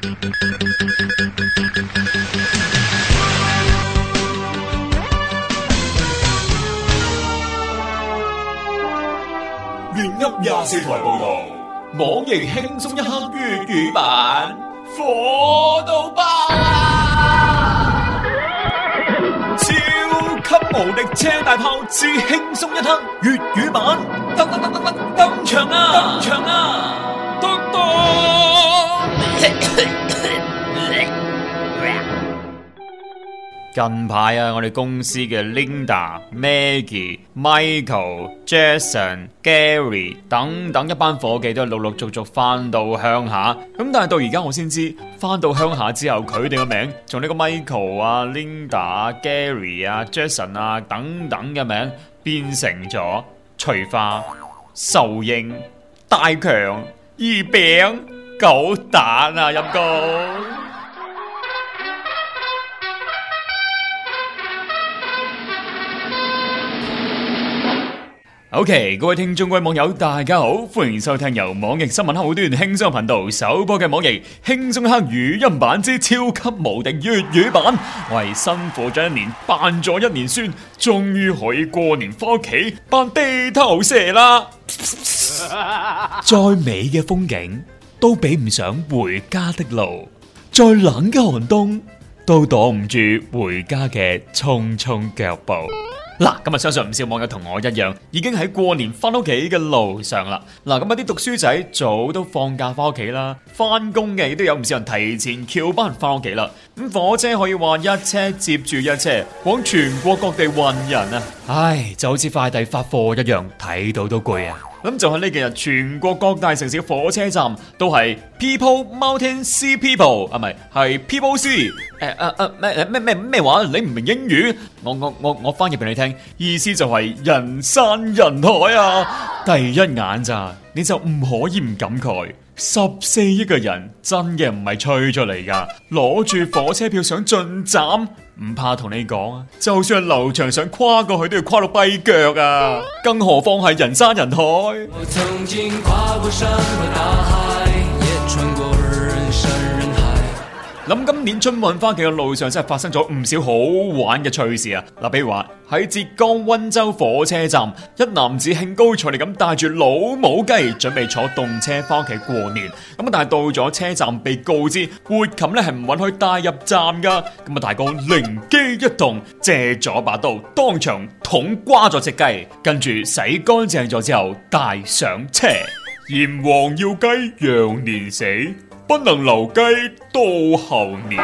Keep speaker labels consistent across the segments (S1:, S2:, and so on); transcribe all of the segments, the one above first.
S1: 粵音廿四台報道，網易輕鬆一刻粵語版火到爆啊！超級無敵車大炮之輕鬆一刻粵語版登登登登登登場啊！登場啊！多多。近排啊，我哋公司嘅 Linda、Maggie Michael、Jason、Gary 等等一班夥計都陸陸續續翻到鄉下，咁但係到而家我先知，翻到鄉下之後佢哋嘅名，從呢個 Michael 啊、Linda 啊、Gary 啊、Jason 啊等等嘅名，變成咗翠花、秀英、大強、二餅、狗蛋啊咁講。陰功！OK，各位聽眾、各位網友，大家好，歡迎收聽由網易新聞客戶端輕鬆頻道首播嘅網易輕鬆黑語音版之超級無敵粵語版。我係辛苦咗一年，扮咗一年孫，終於可以過年翻屋企扮地頭蛇啦！ 再美嘅風景都比唔上回家的路，再冷嘅寒冬都擋唔住回家嘅匆匆腳步。嗱，今日相信唔少網友同我一樣，已經喺過年翻屋企嘅路上啦。嗱，咁一啲讀書仔早都放假翻屋企啦，翻工嘅亦都有唔少人提前翹班翻屋企啦。咁火車可以話一車接住一車，往全國各地運人啊！唉，就好似快遞發貨一樣，睇到都攰啊！咁就係呢幾日全國各大城市嘅火車站都係 people mountain sea people 啊，咪？係 people sea 誒咩咩咩咩話？你唔明英語，我我我我翻譯俾你聽，意思就係人山人海啊！第一眼咋，你就唔可以唔感慨。十四億嘅人真嘅唔係吹出嚟噶，攞住火車票想進站，唔怕同你講啊，就算係劉翔想跨過去都要跨到跛腳啊，更何況係人山人海。我曾經跨過山和大海，也穿過諗今年春運返屋企嘅路上真係發生咗唔少好玩嘅趣事啊！嗱，比如話喺浙江温州火車站，一男子興高采烈咁帶住老母雞準備坐動車返屋企過年，咁啊但係到咗車站被告知活禽咧係唔允許帶入站噶，咁啊大哥靈機一動，借咗把刀當場捅瓜咗隻雞，跟住洗乾淨咗之後帶上車，閻王要雞羊年死，不能留雞到後年，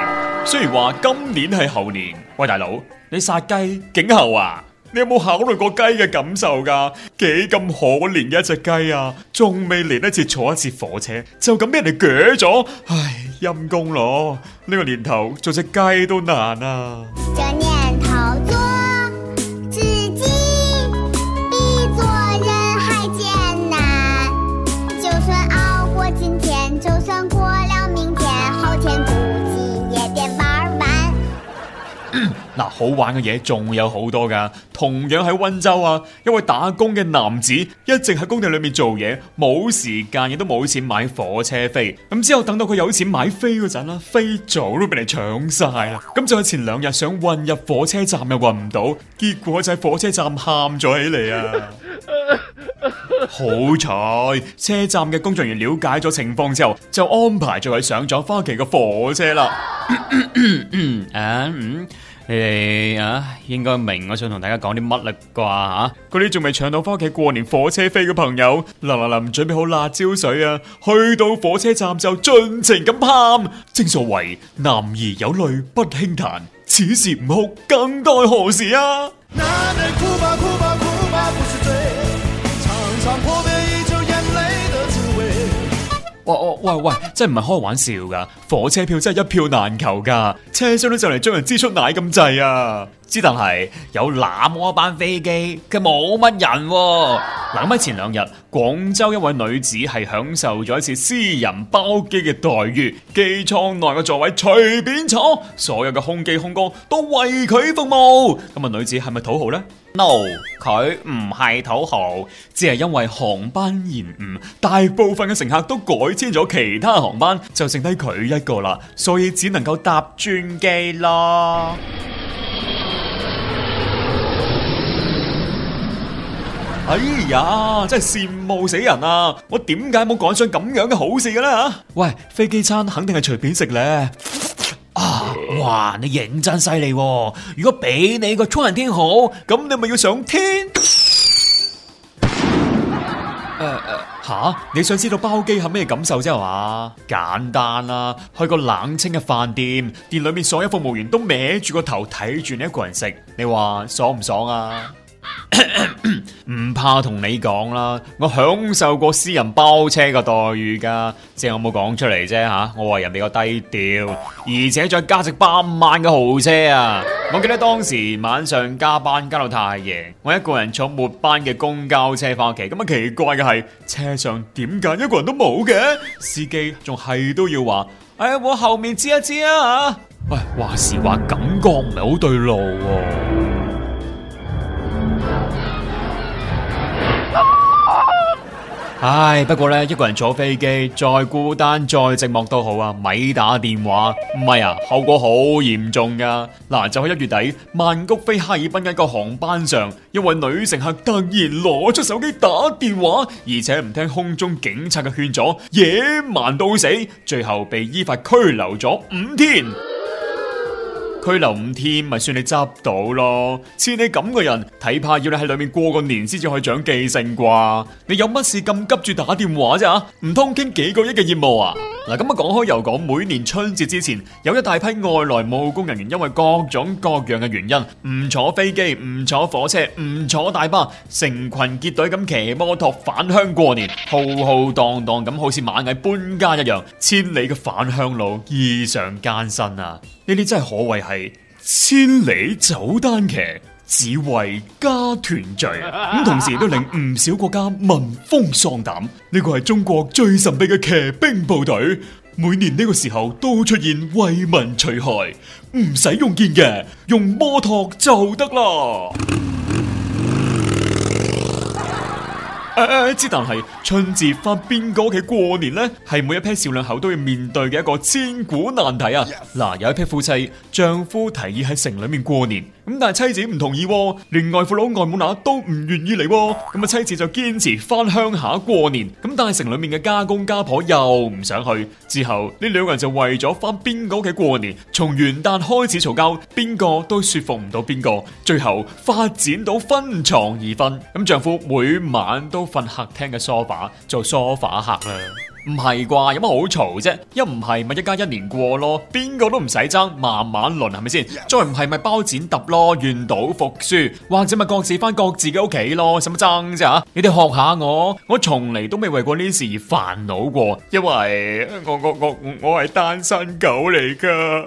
S1: 雖然話今年係後年。喂，大佬，你殺雞儆猴啊？你有冇考慮過雞嘅感受噶？幾咁可憐嘅一隻雞啊！仲未嚟得切坐一次火車，就咁俾人哋鋸咗。唉，陰公咯，呢個年頭做隻雞都難啊！嗱、啊，好玩嘅嘢仲有好多噶，同樣喺溫州啊，一位打工嘅男子一直喺工地裏面做嘢，冇時間亦都冇錢買火車飛，咁之後等到佢有錢買飛嗰陣啦，飛早都俾你搶晒啦，咁就喺前兩日想混入火車站又混唔到，結果就喺火車站喊咗起嚟啊！ 好彩車站嘅工作人員了解咗情況之後，就安排咗佢上咗翻屋企嘅火車啦。 啊嗯誒啊，你應該明我想同大家講啲乜啦啩吓，嗰啲仲未搶到翻屋企過年火車飛嘅朋友，嗱嗱臨準備好辣椒水啊，去到火車站就盡情咁喊，正所謂男兒有淚不輕彈，此時唔哭更待何時啊！ 喂，哦，喂喂，真唔係開玩笑㗎，火車票真係一票難求㗎，車廂都就嚟將人擠出奶咁滯啊！之但係有那麼一班飛機，佢冇乜人哦。諗起前兩日，廣州一位女子係享受咗一次私人包機嘅待遇，機艙內嘅座位隨便坐，所有嘅空姐空哥都為佢服務。咁啊，女子係咪土豪呢？No，佢唔係土豪，只係因為航班延誤，大部分嘅乘客都改簽咗其他航班，就剩低佢一個啦，所以只能夠搭專機咯。哎呀，真係羨慕死人啊！我點解冇趕上咁樣嘅好事嘅咧？吓！喂，飛機餐肯定係隨便食咧。 啊！哇，你認真犀利喎！如果俾你個冲人天好，咁你咪要上天？吓、 呃呃，你想知道包機係咩感受啫？係嘛？簡單啦、啊，去個冷清嘅飯店，店裏面所有服務員都歪住個頭睇住你一個人食，你話爽唔爽啊？唔 怕同你講啦，我享受過私人包車嘅待遇噶，只係我冇講出嚟啫吓。我話人比較低調，而且再加只八萬嘅豪車啊！我記得當時晚上加班，加到太夜，我一個人坐末班嘅公交車翻屋企。咁啊，奇怪嘅係車上點解一個人都冇嘅？司機仲係都要話，哎呀，我後面知一知啊吓。喂、哎，話時話感覺唔係好對路、啊。唉，不過咧，一個人坐飛機，再孤單再寂寞都好啊，咪打電話，唔係啊，後果好嚴重噶。嗱、啊，就喺一月底，曼谷飛哈爾濱嘅一個航班上，一位女乘客突然攞出手機打電話，而且唔聽空中警察嘅勸阻，野蠻到死，最後被依法拘留咗五天。拘留五天，咪算你執到咯！似你咁嘅人，睇怕要你喺裏面過個年先至可以長記性啩？你有乜事咁急住打電話啫？唔通傾幾個億嘅業務啊？嗱，咁 啊講開又講，每年春節之前，有一大批外來務工人員因為各種各樣嘅原因，唔坐飛機，唔坐火車，唔坐大巴，成群結隊咁騎摩托返鄉過年，浩浩蕩蕩咁好似螞蟻搬家一樣，千里嘅返鄉路異常艱辛啊！呢啲真係可謂係千里走單騎，只為家團聚。咁同時都令唔少國家聞風喪膽。呢個係中國最神秘嘅騎兵部隊，每年呢個時候都出現，為民除害，唔使用劍嘅，用摩托就得啦。誒誒，之、啊、但係春節翻邊個屋企過年呢，係每一批小兩口都要面對嘅一個千古難題啊！嗱 Yes.、啊，有一批夫妻，丈夫提議喺城裏面過年。咁但係妻子唔同意，連外父老外母乸都唔願意嚟。咁啊，妻子就堅持翻鄉下過年。咁但係城裏面嘅家公家婆又唔想去。之後呢兩個人就為咗翻邊個屋企過年，從元旦開始嘈交，邊個都說服唔到邊個。最後發展到分床而瞓。咁丈夫每晚都瞓客廳嘅 sofa，做 sofa 客啦。唔係啩？有乜好嘈啫？一唔係咪一家一年過咯？邊個都唔使爭，慢慢輪係咪先？再唔係咪包剪揼咯？願賭服輸，或者咪各自返各自嘅屋企咯？使乜爭啫、啊？你哋學下我，我從嚟都未為過呢事而煩惱過，因為我我我我係單身狗嚟㗎。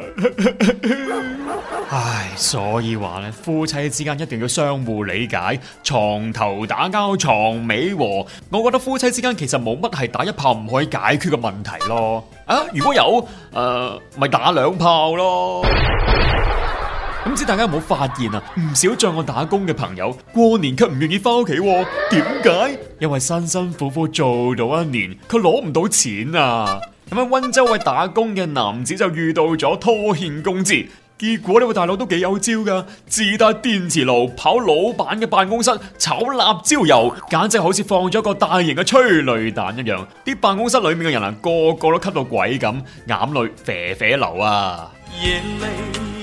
S1: 唉，所以話咧，夫妻之間一定要相互理解，床頭打交，床尾和。我覺得夫妻之間其實冇乜係打一炮唔可以。解決個問題咯啊！如果有，誒、呃、咪打兩炮咯。唔、嗯、知大家有冇發現啊？唔少在我打工嘅朋友過年卻唔願意翻屋企，點解？因為辛辛苦苦做到一年，佢攞唔到錢啊！咁喺溫州位打工嘅男子就遇到咗拖欠工資。結果呢位大佬都幾有招噶，自帶電磁爐跑老闆嘅辦公室炒辣椒油，簡直好似放咗一個大型嘅催淚彈一樣，啲辦公室裏面嘅人啊，個個都吸到鬼咁，眼淚啡啡流啊！眼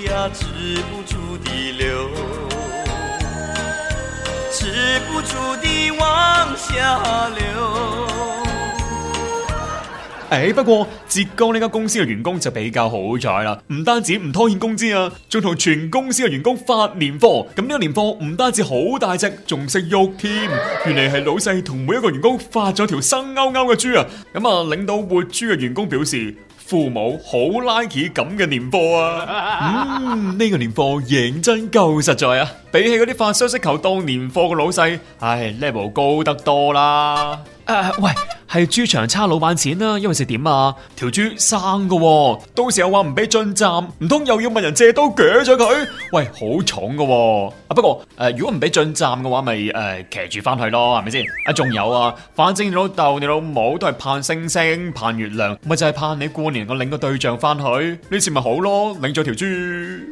S1: 淚啊止唔住地流，止唔住地往下
S2: 流。往下
S1: 誒、哎，不過浙江呢間公司嘅員工就比較好彩啦，唔單止唔拖欠工資啊，仲同全公司嘅員工發年貨。咁呢個年貨唔單止好大隻，仲識喐添。原嚟係老細同每一個員工發咗條生勾勾嘅豬啊。咁啊，領到活豬嘅員工表示，父母好 lucky 咁嘅年貨啊。嗯，呢、這個年貨認真夠實在啊，比起嗰啲發雙色球當年貨嘅老細，唉，level 高得多啦。誒、uh,，喂。係豬場差老闆錢啦、啊，因為是點啊？條豬生噶、哦，到時候話唔俾進站，唔通又要問人借刀鋸咗佢？喂，好重噶、哦！啊，不過誒、呃，如果唔俾進站嘅話，咪誒騎住翻去咯，係咪先？啊，仲有啊，反正你老豆、你老母都係盼星星盼月亮，咪就係、是、盼你過年我領個對象翻去，呢次咪好咯，領咗條豬。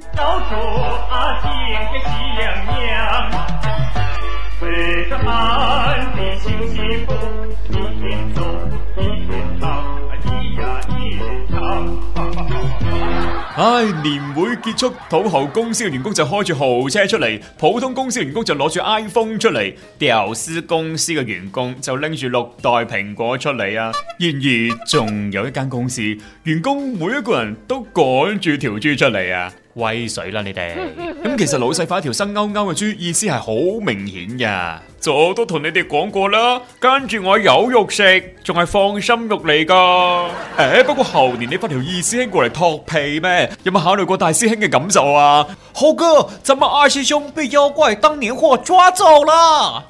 S1: 唉、哎，年會結束，土豪公司嘅員工就開住豪車出嚟，普通公司員工就攞住 iPhone 出嚟，屌絲公司嘅員工就拎住六袋蘋果出嚟啊！然而，仲有一間公司，員工每一個人都趕住條豬出嚟啊！威水啦你哋，咁 其實老細發一條生勾勾嘅豬，意思係好明顯嘅，早都同你哋講過啦。跟住我有肉食，仲係放心肉嚟噶。誒、 欸，不過後年你發條二師兄過嚟托皮咩？有冇考慮過大師兄嘅感受啊？猴哥，咱們二師兄被妖怪當年貨抓走啦！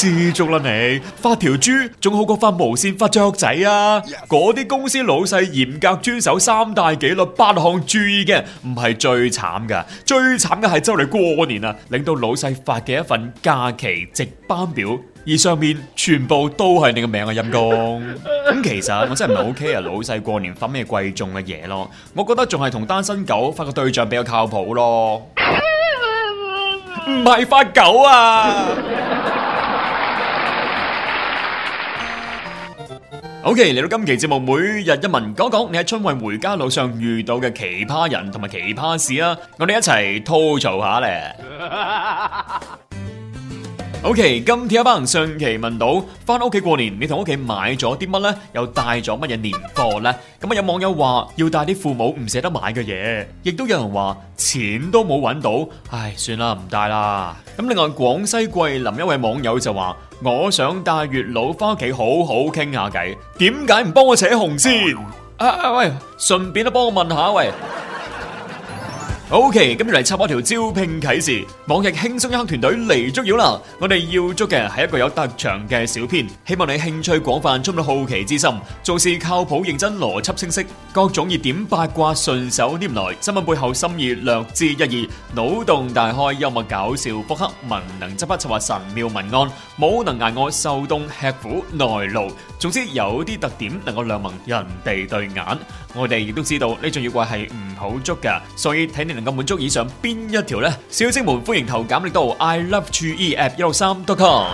S1: 知足啦你，發條豬仲好過發無線發雀仔啊！嗰啲 Yes. 公司老細嚴格遵守三大紀律八項注意嘅，唔係最慘噶，最慘嘅係周嚟過年啊，領到老細發嘅一份假期值班表，而上面全部都係你個名啊！陰公，咁、 嗯、其實我真係唔係 OK 啊！老細過年發咩貴重嘅嘢咯？我覺得仲係同單身狗發個對象比較靠譜咯，唔係 發狗啊！ Ok，嚟到今期節目，每日一文講一講你喺春運回家路上遇到嘅奇葩人同埋奇葩事啊！我哋一齊吐槽下咧。 O、okay, K，今天一班人上期問到翻屋企過年，你同屋企買咗啲乜呢？又帶咗乜嘢年貨呢？咁啊，有網友話要帶啲父母唔捨得買嘅嘢，亦都有人話錢都冇揾到，唉，算啦，唔帶啦。咁另外廣西桂林一位網友就話：我想帶月老翻屋企好好傾下偈，點解唔幫我扯紅線？啊啊喂，順便都幫我問下喂。O K，今日嚟插一條招聘啟事，網易輕鬆一刻團隊嚟捉妖啦！我哋要捉嘅係一個有特長嘅小編，希望你興趣廣泛，充滿好奇之心，做事靠譜認真，邏輯清晰，各種熱點八卦順手拈來，新聞背後深意略知一二，腦洞大開，幽默搞笑，腹黑文能執筆策劃神妙文案，武能捱餓受凍吃苦耐勞，總之有啲特點能夠亮明人哋對眼。我哋亦都知道呢種妖怪係唔好捉㗎，所以睇你能夠滿足以上邊一條呢，小精們歡迎投簡歷到 I Love G E App 一六三 dot com。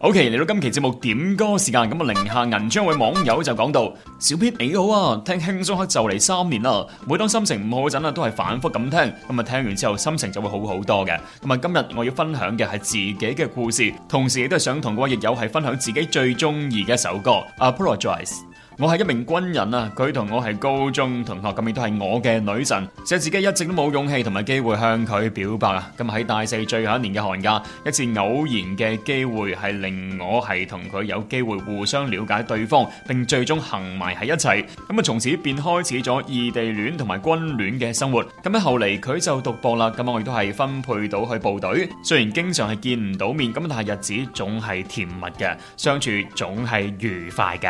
S1: O.K. 嚟到今期節目點歌時間，咁啊，寧夏銀川位網友就講到： 小編你好啊，聽輕鬆黑就嚟三年啦，每當心情唔好陣啊，都係反覆咁聽，咁、嗯、啊聽完之後心情就會好好多嘅。同、嗯、埋今日我要分享嘅係自己嘅故事，同時亦都係想同各位益友係分享自己最中意嘅一首歌《Apologize》。我係一名軍人啊，佢同我係高中同學，咁亦都係我嘅女神，只係自己一直都冇勇氣同埋機會向佢表白啊。咁啊喺大四最後一年嘅寒假，一次偶然嘅機會係令我係同佢有機會互相了解對方，並最終行埋喺一齊。咁啊，從此便開始咗異地戀同埋軍戀嘅生活。咁喺後嚟佢就讀博啦，咁我亦都係分配到去部隊。雖然經常係見唔到面，咁但係日子總係甜蜜嘅，相處總係愉快嘅。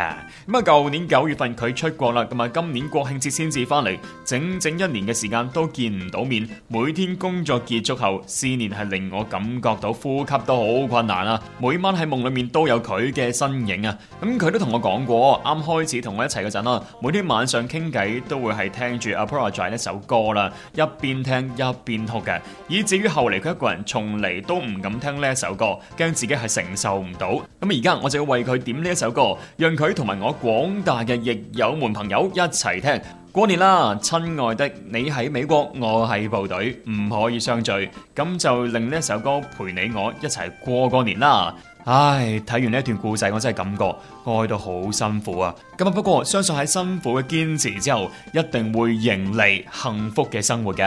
S1: 咁啊舊年年九月份佢出國啦，同埋今年國慶節先至翻嚟，整整一年嘅時間都見唔到面，每天工作結束後，思念係令我感覺到呼吸都好困難啦。每晚喺夢裏面都有佢嘅身影啊！咁佢都同我講過，啱開始同我一齊嗰陣啦，每天晚上傾偈都會係聽住《Apologize》呢首歌啦，一邊聽一邊哭嘅。以至於後嚟，佢一個人從嚟都唔敢聽呢一首歌，驚自己係承受唔到。咁而家我就要為佢點呢一首歌，讓佢同埋我廣大嘅亦有們朋友一齊聽過年啦，親愛的，你喺美國，我喺部隊，唔可以相聚，咁就令呢首歌陪你我一齊過個年啦。唉，睇完呢段故仔，我真係感覺愛到好辛苦啊。咁啊，不過相信喺辛苦嘅堅持之後，一定會迎嚟幸福嘅生活嘅。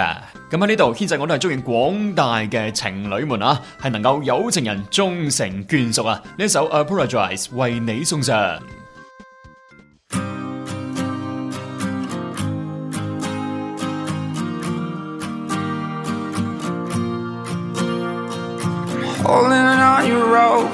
S1: 咁喺呢度，其實我都係祝願廣大嘅情侶們啊，係能夠有情人終成眷屬啊。呢首 Apologize 為你送上。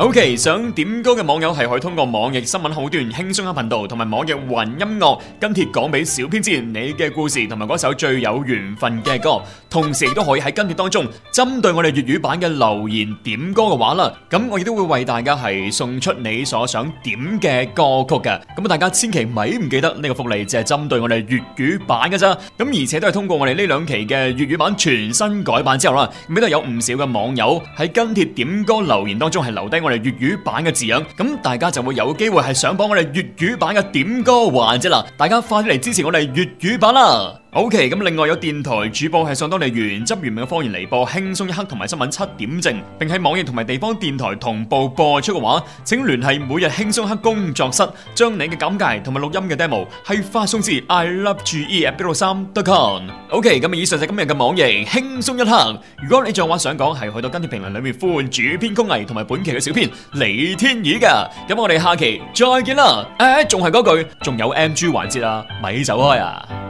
S1: OK，想點歌嘅網友係可以通過網易新聞客戶端、輕鬆哈頻道同埋網易雲音樂跟帖講俾小編之前你嘅故事同埋嗰首最有緣分嘅歌，同時亦都可以喺跟帖當中針對我哋粵語版嘅留言點歌嘅話啦，咁我亦都會為大家係送出你所想點嘅歌曲嘅。咁啊，大家千祈咪唔記得呢個福利就係針對我哋粵語版嘅咋，咁而且都係通過我哋呢兩期嘅粵語版全新改版之後啦，咁亦都有唔少嘅網友喺跟帖點歌留言當中係留低我。我哋粵語版嘅字樣，咁大家就會有機會係上榜我哋粵語版嘅點歌環節啦！大家快啲嚟支持我哋粵語版啦！O K，咁另外有電台主播係上到你原汁原味嘅方言嚟，播輕鬆一刻同埋新聞七點正，並喺網易同埋地方電台同步播出嘅話，請聯繫每日輕鬆一刻工作室，將你嘅簡介同埋錄音嘅 demo 喺發送至 i love g e f b 六三 dot com。O K，咁啊，以上就今日嘅網易輕鬆一刻。如果你仲有話想講，係去到跟帖評論裏面，呼喚主編曲藝同埋本期嘅小編李天宇噶。咁我哋下期再見啦。誒，仲係嗰句，仲有 M G 環節啊，咪走開啊！